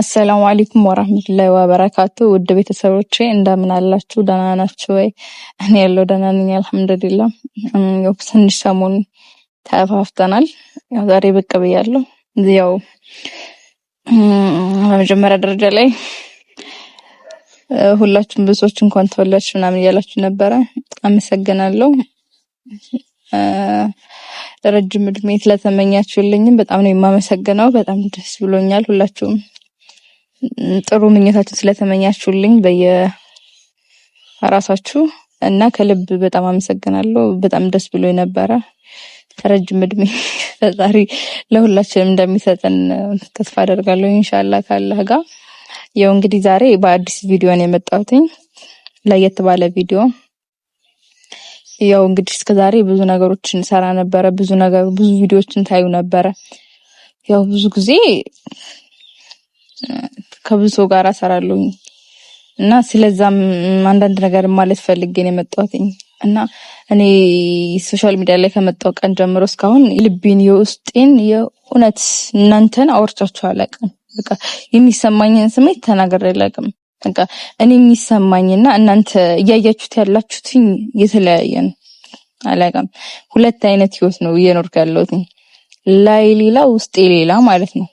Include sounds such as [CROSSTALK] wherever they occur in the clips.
አሰላሙ አለይኩም ወራህመቱላሂ ወበረካቱ። ውድ ቤተሰቦቼ እንደምን አላችሁ? ደህና ናችሁ ወይ? እኔ ያለው ደህና ነኝ አልሐምዱሊላህ። ትንሽ ሰሞን ተፋፍተናል። ያው ዛሬ ብቅ ብያለሁ። ያው በመጀመሪያ ደረጃ ላይ ሁላችሁም ብሶች እንኳን ተወላችሁ ምናምን እያላችሁ ነበረ። አመሰግናለሁ። ረጅም እድሜ ስለተመኛችሁልኝም በጣም ነው የማመሰግነው። በጣም ደስ ብሎኛል ሁላችሁም ጥሩ ምኞታችን ስለተመኛችሁልኝ በየራሳችሁ እና ከልብ በጣም አመሰግናለሁ። በጣም ደስ ብሎ የነበረ ረጅም እድሜ [LAUGHS] ፈጣሪ ለሁላችንም እንደሚሰጠን ተስፋ አደርጋለሁ ኢንሻአላህ ካላህ ጋር። ያው እንግዲህ ዛሬ በአዲስ ቪዲዮ ነው የመጣሁትኝ ለየት ባለ ቪዲዮ። ያው እንግዲህ እስከዛሬ ብዙ ነገሮችን ሰራ ነበረ፣ ብዙ ነገር ብዙ ቪዲዮዎችን ታዩ ነበረ። ያው ብዙ ጊዜ ከብዙ ሰው ጋር እሰራለሁኝ እና ስለዛም አንዳንድ ነገር ማለት ፈልግን የመጣትኝ የመጣሁትኝ እና እኔ ሶሻል ሚዲያ ላይ ከመጣው ቀን ጀምሮ እስካሁን ልቤን የውስጤን የእውነት እናንተን አወርቻችሁ አላውቅም። በቃ የሚሰማኝን ስሜት ተናገር አላውቅም። በቃ እኔ የሚሰማኝና እናንተ እያያችሁት ያላችሁትኝ የተለያየ ነው። አላውቅም ሁለት አይነት ህይወት ነው እየኖርኩ ያለሁትኝ፣ ላይ ሌላ ውስጤ ሌላ ማለት ነው።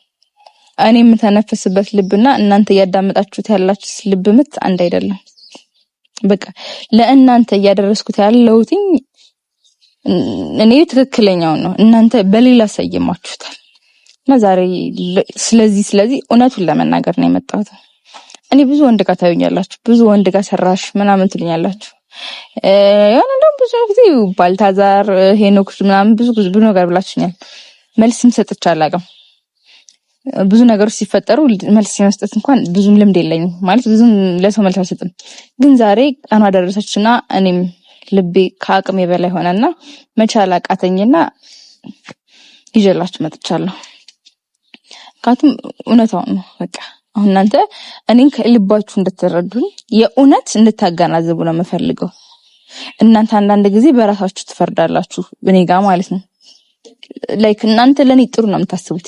እኔ የምተነፍስበት ልብና እናንተ እያዳመጣችሁት ያላችሁት ልብ ምት አንድ አይደለም። በቃ ለእናንተ እያደረስኩት ያለሁትኝ እኔ ትክክለኛው ነው፣ እናንተ በሌላ ሰይማችሁታል። እና ዛሬ ስለዚህ ስለዚህ እውነቱን ለመናገር ነው የመጣሁት። እኔ ብዙ ወንድ ጋር ታዩኛላችሁ፣ ብዙ ወንድ ጋር ሰራሽ ምናምን ትሉኛላችሁ። ያን እንደውም ብዙ ጊዜ ባልታዛር ሄኖክ ምናምን ብዙ ብዙ ነገር ብላችሁኛል፣ መልስም ሰጥቻ አላውቅም። ብዙ ነገሮች ሲፈጠሩ መልስ የመስጠት እንኳን ብዙም ልምድ የለኝም። ማለት ብዙም ለሰው መልስ አልሰጥም። ግን ዛሬ ቀኗ ደረሰች እኔም ልቤ ከአቅሜ በላይ ሆነና መቻል አቃተኝና ይዤላችሁ መጥቻለሁ። ምክንያቱም እውነታውን ነው በቃ አሁን እናንተ እኔን ከልባችሁ እንድትረዱኝ የእውነት እንድታገናዘቡ ነው የምፈልገው። እናንተ አንዳንድ ጊዜ በራሳችሁ ትፈርዳላችሁ፣ እኔ ማለት ነው። ላይክ እናንተ ለእኔ ጥሩ ነው የምታስቡት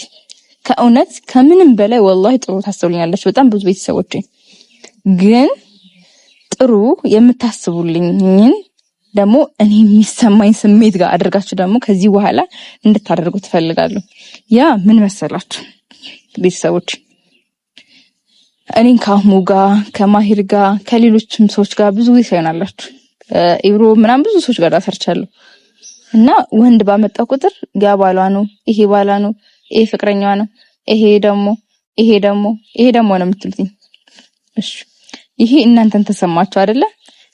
ከእውነት ከምንም በላይ ወላሂ ጥሩ ታስብልኛለች በጣም ብዙ ቤተሰቦች ግን ጥሩ የምታስቡልኝን ደግሞ እኔ የሚሰማኝ ስሜት ጋር አድርጋችሁ ደግሞ ከዚህ በኋላ እንድታደርጉ ትፈልጋለሁ። ያ ምን መሰላችሁ ቤተሰቦች እኔን ከአህሙ ጋር ከማሂር ጋር ከሌሎችም ሰዎች ጋር ብዙ ጊዜ ሳይሆናላችሁ ኢብሮ ምናምን ብዙ ሰዎች ጋር ሰርቻለሁ እና ወንድ ባመጣ ቁጥር ያ ባሏ ነው ይሄ ባሏ ነው ይሄ ፍቅረኛዋ ነው። ይሄ ደግሞ ይሄ ደግሞ ይሄ ደግሞ ነው የምትሉትኝ። እሺ ይሄ እናንተን ተሰማችሁ አይደለ?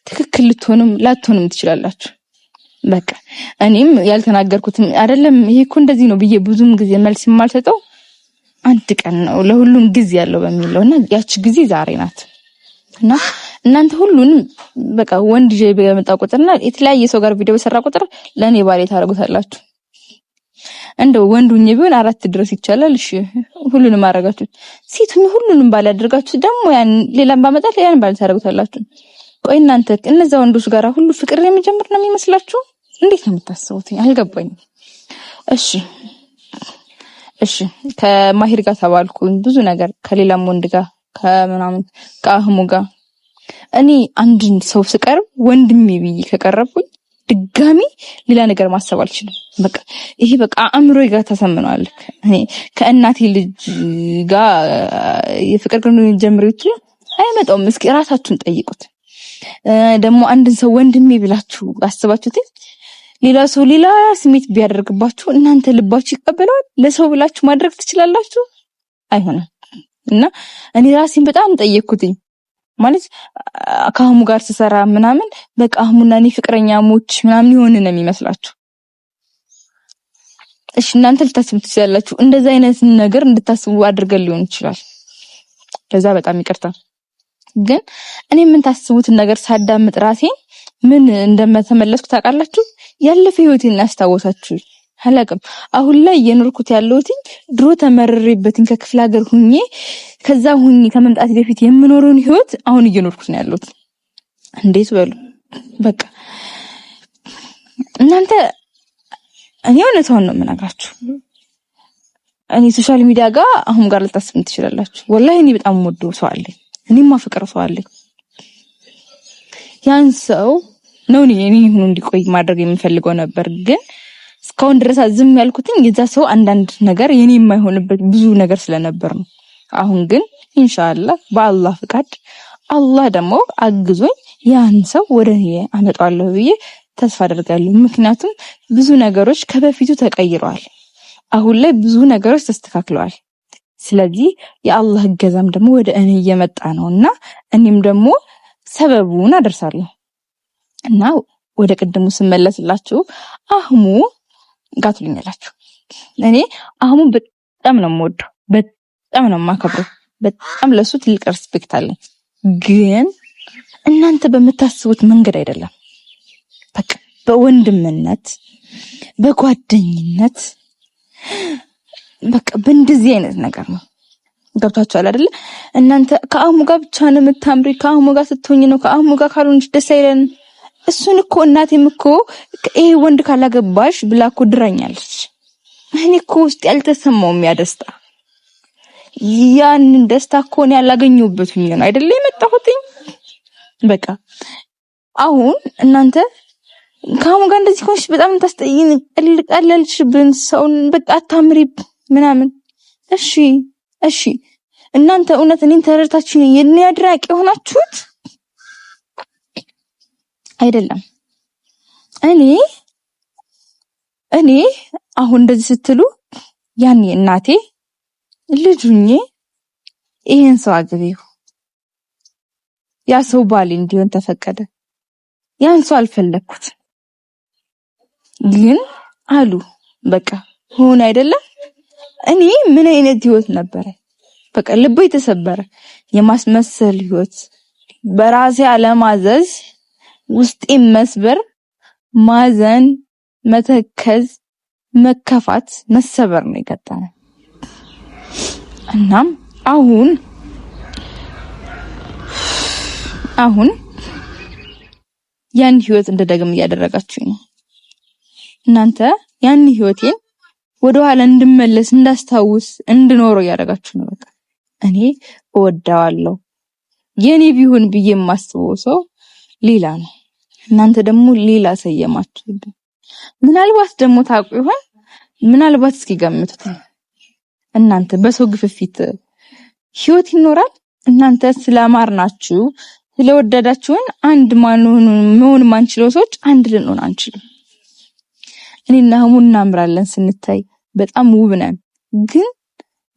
ትክክል ልትሆንም ላትሆንም ትችላላችሁ። በቃ እኔም ያልተናገርኩትም አይደለም ይሄ እኮ እንደዚህ ነው ብዬ ብዙም ጊዜ መልስ የማልሰጠው አንድ ቀን ነው ለሁሉም ጊዜ ያለው በሚለው እና ያቺ ጊዜ ዛሬ ናት እና እናንተ ሁሉንም በቃ ወንድ ይዤ በመጣ ቁጥርና የተለያየ ሰው ጋር ቪዲዮ በሰራ ቁጥር ለእኔ ባሌ ታደርጉታላችሁ። እንደው ወንዱኝ ቢሆን አራት ድረስ ይቻላል። እሺ ሁሉንም አረጋችሁት። ሴት ሁሉንም ባል ያደርጋችሁት ደግሞ ያን ሌላም ባመጣል ያን ባል ታረጉታላችሁ። ቆይ እናንተ እነዛ ወንዶች ጋራ ሁሉ ፍቅር የሚጀምር ነው የሚመስላችሁ? እንዴት ነው የምታስቡት? አልገባኝም። እሺ እሺ ከማሂር ጋር ተባልኩኝ ብዙ ነገር ከሌላም ወንድ ጋር ከምናምን ከአህሙ ጋር እኔ አንድን ሰው ስቀርብ ወንድሜ ብዬ ከቀረብኩኝ ድጋሚ ሌላ ነገር ማሰብ አልችልም። በቃ ይሄ በቃ አእምሮ ጋ ተሰምነዋል። ከእናቴ ልጅ ጋር የፍቅር ግንኙነት ጀምሬ አይመጣውም። እስኪ ራሳችሁን ጠይቁት። ደግሞ አንድን ሰው ወንድሜ ብላችሁ አስባችሁት ሌላ ሰው ሌላ ስሜት ቢያደርግባችሁ እናንተ ልባችሁ ይቀበለዋል? ለሰው ብላችሁ ማድረግ ትችላላችሁ? አይሆንም። እና እኔ ራሴን በጣም ጠየቅኩትኝ። ማለት ከአህሙ ጋር ስሰራ ምናምን በቃ አህሙና እኔ ፍቅረኛሞች ምናምን የሆነ ነው የሚመስላችሁ። እሺ እናንተ ልታስቡ ትችላላችሁ። እንደዛ አይነት ነገር እንድታስቡ አድርገን ሊሆን ይችላል። ከዛ በጣም ይቅርታ ግን እኔ ምን ነገር ሳዳምጥ ራሴ ምን እንደተመለስኩ ታውቃላችሁ? ያለፈ ህይወቴን ያስታወሳችሁ አላቅም። አሁን ላይ እየኖርኩት ያለሁትኝ ድሮ ተመረሬበትን ከክፍለ ሀገር ሁኜ ከዛ ሁኜ ከመምጣት በፊት የምኖረውን ህይወት አሁን እየኖርኩት ነው ያለሁት። እንዴት በሉ በቃ እናንተ እኔ እውነታውን ነው የምነግራችሁ። እኔ ሶሻል ሚዲያ ጋር አሁን ጋር ልታስብም ትችላላችሁ። ወላሂ እኔ በጣም ወዶ ሰው አለኝ፣ እኔም ማፈቅር ሰው አለኝ። ያን ሰው ነው እኔ እኔ እንዲቆይ ማድረግ የምፈልገው ነበር ግን እስካሁን ድረስ ዝም ያልኩትኝ የዛ ሰው አንዳንድ ነገር የኔ የማይሆንበት ብዙ ነገር ስለነበር ነው። አሁን ግን ኢንሻአላህ በአላህ ፍቃድ አላህ ደግሞ አግዞኝ ያን ሰው ወደ እኔ አመጣዋለሁ ብዬ ተስፋ አደርጋለሁ። ምክንያቱም ብዙ ነገሮች ከበፊቱ ተቀይረዋል። አሁን ላይ ብዙ ነገሮች ተስተካክለዋል። ስለዚህ የአላህ እገዛም ደግሞ ወደ እኔ እየመጣ ነውና እኔም ደግሞ ሰበቡን አደርሳለሁ እና ወደ ቅድሙ ስመለስላችሁ አህሙ ጋር ትሉኛላችሁ። እኔ አህሙን በጣም ነው የምወደው፣ በጣም ነው የማከብረው፣ በጣም ለሱ ትልቅ ሪስፔክት አለኝ። ግን እናንተ በምታስቡት መንገድ አይደለም። በቃ በወንድምነት በጓደኝነት በቃ በእንደዚህ አይነት ነገር ነው ገብታችኋል አይደለ? እናንተ ከአህሙ ጋር ብቻ ነው የምታምሪ፣ ከአህሙ ጋር ስትሆኝ ነው፣ ከአህሙ ጋር ካልሆንሽ ደስ አይለን እሱን እኮ እናቴም እኮ ይሄ ወንድ ካላገባሽ ብላ እኮ ድራኛለች። እኔ እኮ ውስጥ ያልተሰማውም ያ ደስታ ያንን ደስታ እኮ እኔ ያላገኘሁበት ነው አይደለ የመጣሁትኝ። በቃ አሁን እናንተ ከአሁን ጋር እንደዚህ ከሆንሽ በጣም እንታስጠይን ታስጠይን፣ ቀለልሽብን፣ ሰውን በቃ አታምሪብ ምናምን። እሺ እሺ፣ እናንተ እውነት እኔን ተረድታችሁ የኔ አድራቂ የሆናችሁት አይደለም። እኔ እኔ አሁን እንደዚህ ስትሉ ያኔ እናቴ ልጁኜ ይሄን ሰው አግቢው ያ ሰው ባሌ እንዲሆን ተፈቀደ። ያን ሰው አልፈለኩት ግን አሉ በቃ ሆን አይደለም። እኔ ምን አይነት ህይወት ነበረ? በቃ ልቦ የተሰበረ የማስመሰል ህይወት፣ በራሴ አለማዘዝ ውስጤን መስበር፣ ማዘን፣ መተከዝ፣ መከፋት፣ መሰበር ነው የገጠመኝ። እናም አሁን አሁን ያን ህይወት እንደደግም እያደረጋችሁ ነው። እናንተ ያን ህይወቴን ወደኋላ እንድመለስ እንዳስታውስ እንድኖረው እያደረጋችሁ ነው። በቃ እኔ እወዳዋለሁ የኔ ቢሆን ብዬ የማስበው ሰው ሌላ ነው። እናንተ ደግሞ ሌላ ሰየማችሁ። ምናልባት ደግሞ ታውቁ ይሆን? ምናልባት እስኪ ገምቱት። እናንተ በሰው ግፍፊት ህይወት ይኖራል። እናንተ ስላማርናችሁ ስለወደዳችሁን አንድ መሆን ማንችለው ሰዎች አንድ ልንሆን አንችልም። እኔና ህሙ እናምራለን፣ ስንታይ በጣም ውብ ነን። ግን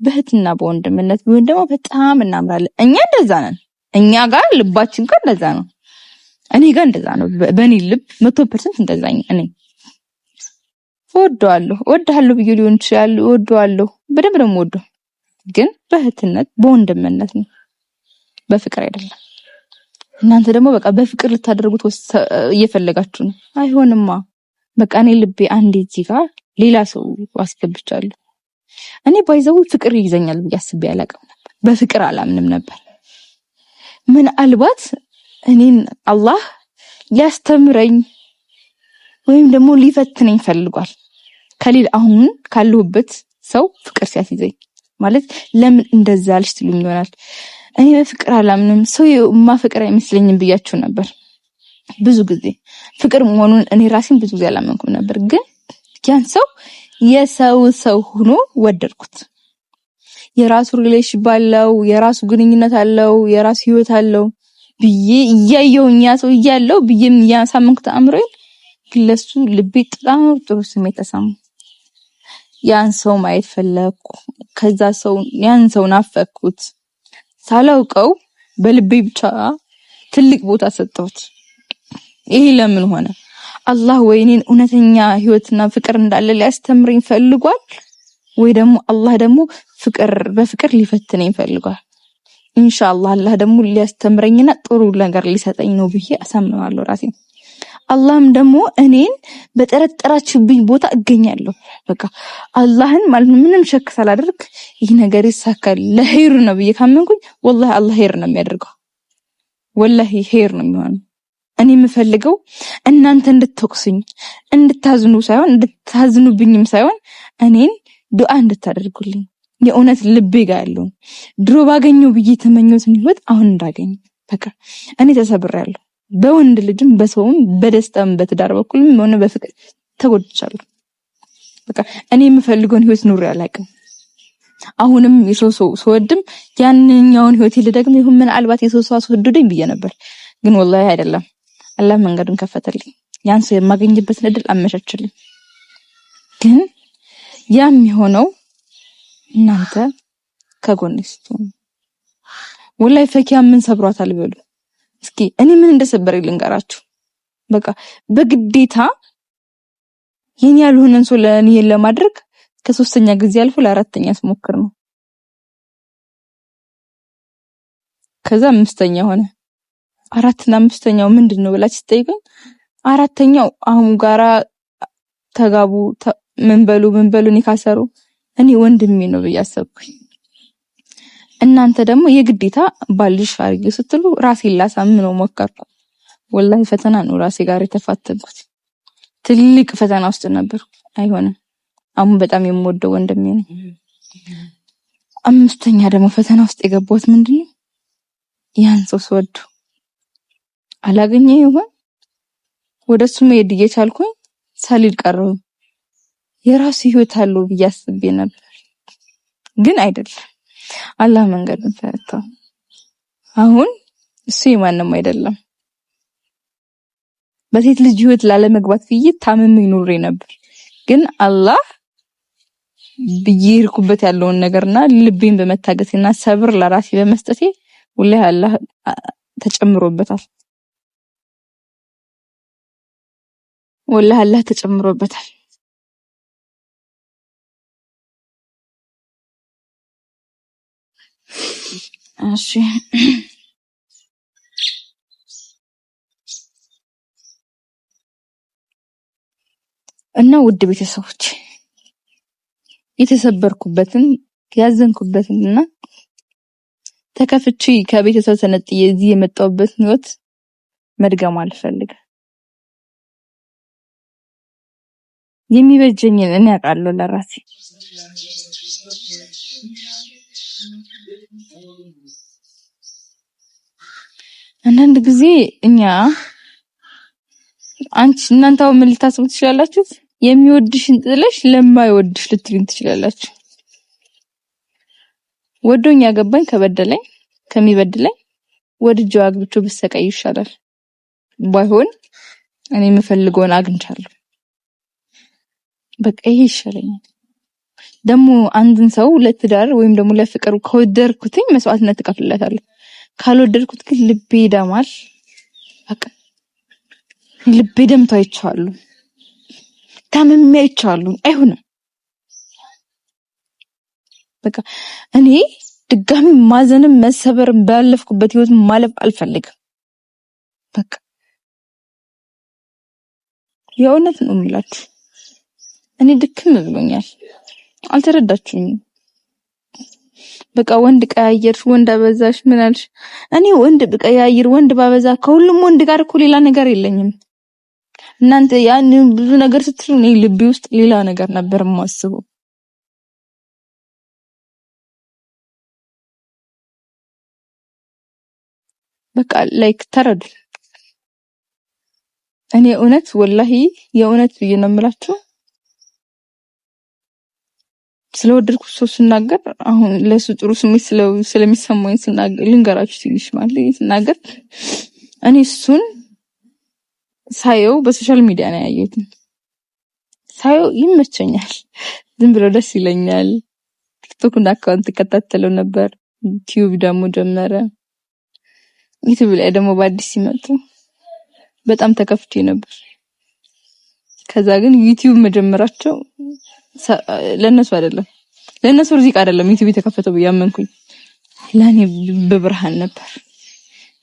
በእህትና በወንድምነት ቢሆን ደግሞ በጣም እናምራለን። እኛ እንደዛ ነን። እኛ ጋር ልባችን ጋር እንደዛ ነው። እኔ ጋር እንደዛ ነው። በእኔ ልብ መቶ ፐርሰንት እንደዛኝ እኔ ወደዋለሁ እወድሃለሁ ብዬ ሊሆን ይችላል። ወደዋለሁ በደንብ ነው የምወደው፣ ግን በእህትነት በወንድምነት ነው፣ በፍቅር አይደለም። እናንተ ደግሞ በቃ በፍቅር ልታደርጉት እየፈለጋችሁ ነው። አይሆንማ። በቃ እኔ ልቤ አንዴ እዚህ ጋር ሌላ ሰው አስገብቻለሁ። እኔ ባይዘው ፍቅር ይዘኛል ብዬ አስቤ አላውቅም ነበር። በፍቅር አላምንም ነበር ምናልባት እኔን አላህ ሊያስተምረኝ ወይም ደግሞ ሊፈትነኝ ፈልጓል። ከሌል አሁን ካለሁበት ሰው ፍቅር ሲያስይዘኝ ማለት ለምን እንደዛ አልሽ ትሉኝ ይሆናል። እኔ በፍቅር አላምንም፣ ሰው ፍቅር አይመስለኝም ብያችሁ ነበር ብዙ ጊዜ። ፍቅር መሆኑን እኔ ራሴን ብዙ ጊዜ አላመንኩም ነበር፣ ግን ያን ሰው የሰው ሰው ሆኖ ወደድኩት። የራሱ ሪሌሽን ባለው፣ የራሱ ግንኙነት አለው፣ የራሱ ህይወት አለው ብዬ እያየው ያ ሰው እያለው ብዬ ያሳመንኩት አእምሮዬን ለሱ ልቤ በጣም ጥሩ ስሜት ተሰማኝ። ያን ሰው ማየት ፈለግኩ። ከዛ ሰው ያን ሰው ናፈኩት። ሳላውቀው በልቤ ብቻ ትልቅ ቦታ ሰጠሁት። ይሄ ለምን ሆነ? አላህ ወይ እኔን እውነተኛ ህይወትና ፍቅር እንዳለ ሊያስተምረኝ ፈልጓል፣ ወይ ደግሞ አላህ ደግሞ ፍቅር በፍቅር ሊፈትነኝ ፈልጓል። ኢንሻአላህ አላህ ደግሞ ሊያስተምረኝና ጥሩ ነገር ሊሰጠኝ ነው ብዬ አሳምናለሁ ራሴ አላህም ደግሞ እኔን በጠረጠራችሁብኝ ቦታ እገኛለሁ። በቃ አላህን ማለት ምንም ሸክ ሳላደርግ ይህ ነገር ይሳካል ለሄሩ ነው ብዬ ካመንኩኝ ወላሂ አላህ ሄር ነው የሚያደርገው። ወላሂ ኸይር ነው የሚሆነው። እኔ የምፈልገው እናንተ እንድትወቅሱኝ እንድታዝኑ ሳይሆን እንድታዝኑብኝም ሳይሆን እኔን ዱዓ እንድታደርጉልኝ የእውነት ልቤ ጋር ያለው ድሮ ባገኘው ብዬ የተመኘሁትን ህይወት አሁን እንዳገኝ በቃ እኔ ተሰብሬያለሁ። በወንድ ልጅም በሰውም በደስታም በትዳር በኩልም ሆነ በፍቅር ተጎድቻለሁ። በቃ እኔ የምፈልገውን ህይወት ኑሬ አላውቅም። አሁንም የሰው ሰው ስወድም ያንኛውን ህይወት ልደግም ይሁን ምናልባት የሰው ሰው አስወድዶኝ ብዬ ነበር፣ ግን ወላሂ አይደለም። አላህ መንገዱን ከፈተልኝ፣ ያን ሰው የማገኝበትን እድል አመቻችልኝ። ግን ያም የሆነው እናንተ ከጎን ስትሆኑ ወላይ ፈኪያ ምን ሰብሯታል በሉ እስኪ። እኔ ምን እንደሰበር ልንገራችሁ። በቃ በግዴታ የኔ ያልሆነን ሰው ለኔ ለማድረግ ከሶስተኛ ጊዜ አልፎ ለአራተኛ ስሞክር ነው። ከዛ አምስተኛ ሆነ። አራትና አምስተኛው ምንድን ነው ብላችሁ ስጠይቁኝ አራተኛው አሁን ጋራ ተጋቡ ምን በሉ ምን በሉ እኔ ካሰሩ እኔ ወንድሜ ነው ብዬ አሰብኩኝ። እናንተ ደግሞ የግዴታ ባልሽ አድርጊው ስትሉ ራሴን ላሳምነው ሞከርኩ። ወላሂ ፈተና ነው ራሴ ጋር የተፋተንኩት። ትልቅ ፈተና ውስጥ ነበር። አይሆንም። አሁን በጣም የምወደው ወንድሜ ነው። አምስተኛ ደግሞ ፈተና ውስጥ የገባሁት ምንድነው ያን ሰው ስወዱ አላገኘ ይሆን ወደሱ መሄድ እየቻልኩኝ ሰሊል ቀረው። የራሱ ህይወት አለው ብዬ አስቤ ነበር፣ ግን አይደለም። አላህ መንገዱን ፈታው። አሁን እሱ የማንም አይደለም። በሴት ልጅ ህይወት ላለመግባት ብዬ ታመም ይኖሬ ነበር፣ ግን አላህ ብዬ ሄድኩበት ያለውን ነገርና ልቤን በመታገሴና ሰብር ለራሴ በመስጠቴ ወላሂ አላህ ተጨምሮበታል። ወላህ አላህ ተጨምሮበታል። እሺ እና ውድ ቤተሰቦች የተሰበርኩበትን ያዘንኩበትን እና ተከፍቼ ከቤተሰብ ተነጥዬ እዚህ የመጣሁበትን ህይወት መድገም አልፈልግም። የሚበጀኝን እኔ አውቃለሁ ለራሴ አንዳንድ ጊዜ እኛ አንቺ እናንተ አሁን ምን ልታስቡ ትችላላችሁ? የሚወድሽን ጥለሽ ለማይወድሽ ልትሉኝ ትችላላችሁ። ወዶኝ ያገባኝ ከበደለኝ ከሚበድለኝ ወድጄው አግብቼ ብሰቃይ ይሻላል። ባይሆን እኔ የምፈልገውን አግኝቻለሁ፣ በቃ ይሄ ይሻለኛል። ደግሞ አንድን ሰው ለትዳር ወይም ደግሞ ለፍቅር ከወደድኩትኝ መስዋዕትነት ትከፍልለታለሁ። ካልወደድኩት ግን ልቤ ይደማል። በቃ ልቤ ደምቶ አይቼዋለሁ፣ ታምሜ አይቼዋለሁ። አይሆንም በቃ እኔ ድጋሚ ማዘንም መሰበርም ባለፍኩበት ህይወት ማለፍ አልፈልግም። በቃ የእውነት ነው የምላችሁ፣ እኔ ድክም ብሎኛል። አልተረዳችሁኝም። በቃ ወንድ ቀያየርሽ፣ ወንድ አበዛሽ፣ ምን አልሽ? እኔ ወንድ ብቀያይር ወንድ ባበዛ ከሁሉም ወንድ ጋር እኮ ሌላ ነገር የለኝም። እናንተ ያን ብዙ ነገር ስትሉ እኔ ልቤ ውስጥ ሌላ ነገር ነበር የማስበው። በቃ ላይክ ተረዱ። እኔ እውነት ወላሂ የእውነት ብዬ ነው የምላችሁ። ስለወደድኩ ሰው ስናገር አሁን ለሱ ጥሩ ስሜት ስለሚሰማኝ ልንገራችሁ ትንሽ ማለት ስናገር እኔ እሱን ሳየው በሶሻል ሚዲያ ነው ያየሁት። ሳየው ይመቸኛል፣ ዝም ብሎ ደስ ይለኛል። ቲክቶክ እና አካውንት ይከታተለው ነበር። ዩቲዩብ ደግሞ ጀመረ። ዩቲዩብ ላይ ደግሞ በአዲስ ሲመጡ በጣም ተከፍቼ ነበር። ከዛ ግን ዩቲዩብ መጀመራቸው ለእነሱ አይደለም ለእነሱ ርዚቅ አይደለም ዩቲዩብ የተከፈተው ብዬ አመንኩኝ። ለእኔ በብርሃን ነበር።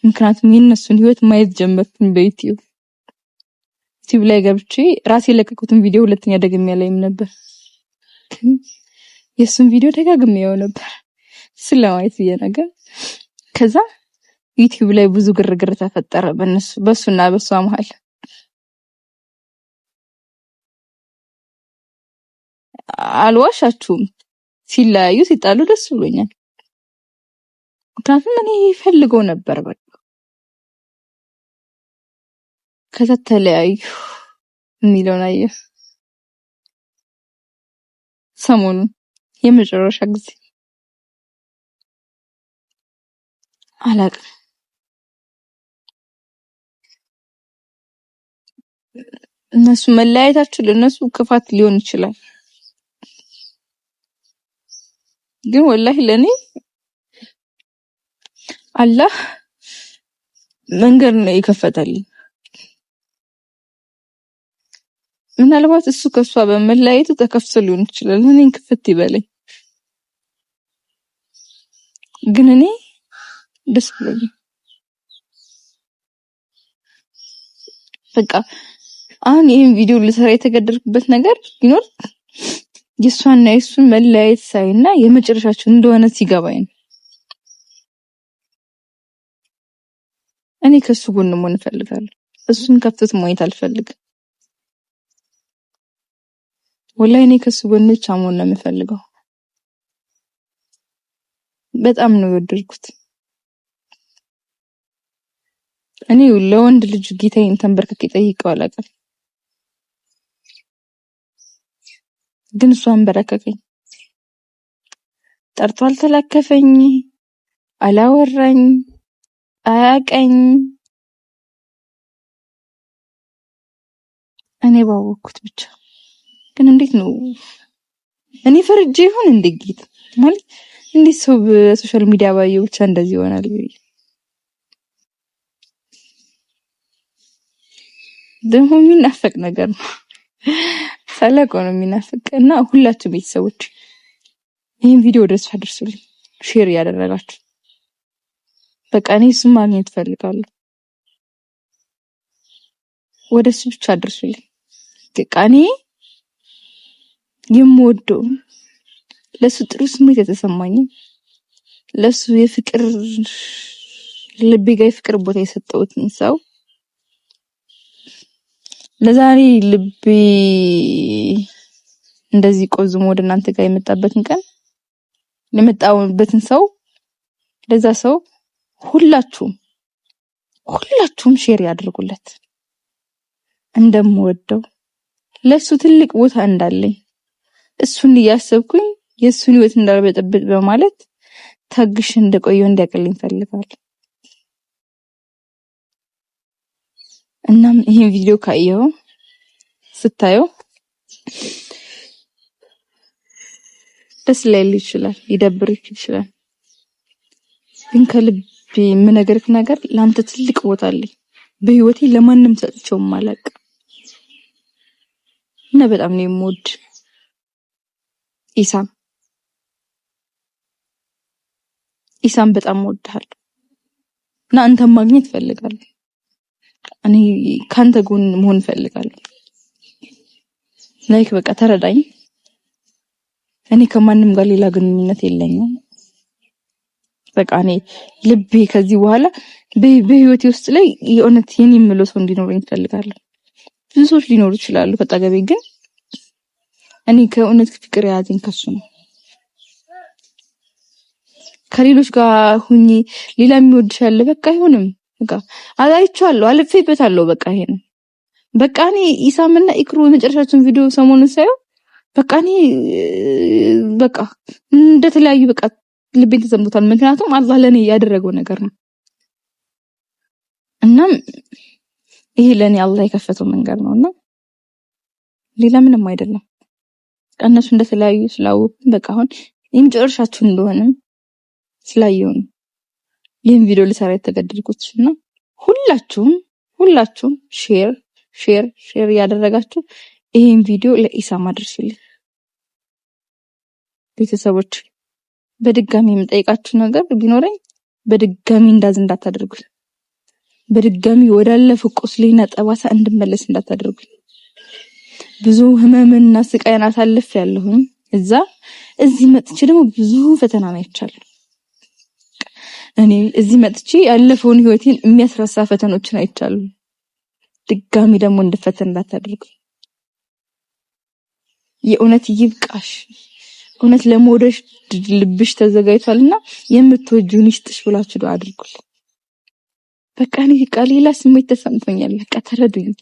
ምክንያቱም የእነሱን ህይወት ማየት ጀመርኩኝ በዩቲዩብ ዩቲዩብ ላይ ገብቼ ራሴ የለቀኩትን ቪዲዮ ሁለተኛ ደግሜ ያላይም ነበር፣ የእሱን ቪዲዮ ደጋግሜ ያው ነበር ስለማየት ብዬ ነገር ከዛ ዩቲዩብ ላይ ብዙ ግርግር ተፈጠረ በእነሱ በእሱና በእሷ መሀል። አልዋሻችሁም፣ ሲለያዩ ሲጣሉ ደስ ብሎኛል። ምክንያቱም እኔ ፈልገው ነበር። በቃ ከዛ ተለያዩ የሚለውን አየ ሰሞኑን የመጨረሻ ጊዜ አላቅ እነሱ መለያየታችሁ ለእነሱ ክፋት ሊሆን ይችላል። ግን ወላሂ ለኔ አላህ መንገድ ነው የከፈተልኝ። ምናልባት እሱ ከሷ በመለያየቱ ተከፍቶ ሊሆን ይችላል። እኔን ክፍት ይበለኝ። ግን እኔ ደስ ብሎኝ በቃ አሁን ይህን ቪዲዮ ልሰራ የተገደድኩበት ነገር ቢኖር የእሷና የእሱን መለያየት ሳይና የመጨረሻችን እንደሆነ ሲገባኝ ነው እኔ ከሱ ጎን መሆን እፈልጋለሁ። እሱን ከፍቶት ማየት አልፈልግም። ወላ እኔ ከሱ ጎን ብቻ መሆን ነው የምፈልገው። በጣም ነው የወደድኩት። እኔ ለወንድ ልጅ ጌታዬን ተንበርክኬ ጠይቄው አላውቅም። ግን እሱ አንበረከከኝ። ጠርቶ አልተላከፈኝ፣ አላወራኝ፣ አያቀኝ። እኔ ባወቅኩት ብቻ። ግን እንዴት ነው እኔ ፈርጄ ይሁን እንዴ? ጌት ማለት እንዴት ሰው በሶሻል ሚዲያ ባየው ብቻ እንደዚህ ይሆናል? ደግሞ የሚናፈቅ ነገር ነው። ሳላውቀው ነው የሚናፍቅ እና ሁላችሁ ቤተሰቦች ይህን ቪዲዮ ደስ አድርሱልኝ፣ ሼር እያደረጋችሁ በቃ እኔ እሱን ማግኘት ፈልጋለሁ። ወደ እሱ ብቻ አድርሱልኝ። በቃ እኔ የምወደው ለሱ ጥሩ ስሜት የተሰማኝ ለሱ የፍቅር ልቤ ጋር የፍቅር ቦታ የሰጠሁትን ሰው ለዛሬ ልቤ እንደዚህ ቆዝሞ ወደ እናንተ ጋር የመጣበትን ቀን የመጣውበትን ሰው ለዛ ሰው ሁላችሁም ሁላችሁም ሼር ያድርጉለት። እንደምወደው ለሱ ትልቅ ቦታ እንዳለኝ እሱን እያሰብኩኝ የእሱን ህይወት እንዳልበጠብጥ በማለት ታግሽ እንደቆየው እንዲያቀልኝ ፈልጋለሁ። እናም ይሄን ቪዲዮ ካየው ስታየው ደስ ላይል ይችላል፣ ይደብርክ ይችላል። ግን ከልቤ የምነግርክ ነገር ለአንተ ትልቅ ቦታ አለኝ። በህይወቴ ለማንም ሰጥቼው ማለቅ እና በጣም ነው የምወድ ኢሳም ኢሳም በጣም ወድሃል እና አንተን ማግኘት እፈልጋለሁ። እኔ ከአንተ ጎን መሆን እፈልጋለሁ። ላይክ በቃ ተረዳኝ። እኔ ከማንም ጋር ሌላ ግንኙነት የለኝም። በቃ እኔ ልቤ ከዚህ በኋላ በህይወቴ ውስጥ ላይ የእውነት የኔ የምለው ሰው እንዲኖረኝ እፈልጋለሁ። ብዙ ሰዎች ሊኖሩ ይችላሉ ከጠገቤ፣ ግን እኔ ከእውነት ፍቅር የያዘኝ ከሱ ነው። ከሌሎች ጋር ሁኚ ሌላ የሚወድሽ ያለ በቃ አይሆንም። በቃ አይቼዋለሁ፣ አልፌበታለሁ። በቃ ይሄን በቃ እኔ ኢሳምና ኢክሩ የመጨረሻቸውን ቪዲዮ ሰሞኑን ሳየው በቃ እኔ በቃ እንደተለያዩ በቃ ልቤን ተሰምቶታል። ምክንያቱም አላህ ለእኔ ያደረገው ነገር ነው። እናም ይሄ ለእኔ አላህ የከፈተው መንገድ ነው እና ሌላ ምንም አይደለም። እነሱ እንደተለያዩ ስላወቅኩኝ በቃ አሁን የመጨረሻችሁ እንደሆነ ስላየው ነው። ይህን ቪዲዮ ልሰራ የተገደድኩት እና ሁላችሁም ሁላችሁም ሼር ሼር ሼር እያደረጋችሁ ይህን ቪዲዮ ለኢሳ ማድረስልኝ። ቤተሰቦች በድጋሚ የምጠይቃችሁ ነገር ቢኖረኝ በድጋሚ እንዳዝ እንዳታደርጉኝ፣ በድጋሚ ወዳለፈ ቁስሌና ጠባሳ እንድመለስ እንዳታደርጉኝ። ብዙ ህመምና ስቃይን አሳልፍ ያለሁኝ እዛ እዚህ መጥቼ ደግሞ ብዙ ፈተና አይቻለሁ። እኔ እዚህ መጥቼ ያለፈውን ህይወቴን የሚያስረሳ ፈተኖችን አይቻሉ። ድጋሚ ደግሞ እንድፈተን እንዳታደርግ። የእውነት ይብቃሽ። እውነት ለመውደሽ ልብሽ ተዘጋጅቷልና የምትወጁን ይስጥሽ ብላችሁ ዱአ አድርጉልኝ። በቃ እኔ በቃ ሌላ ስሜት ተሰምቶኛል። በቃ ተረዱኝ።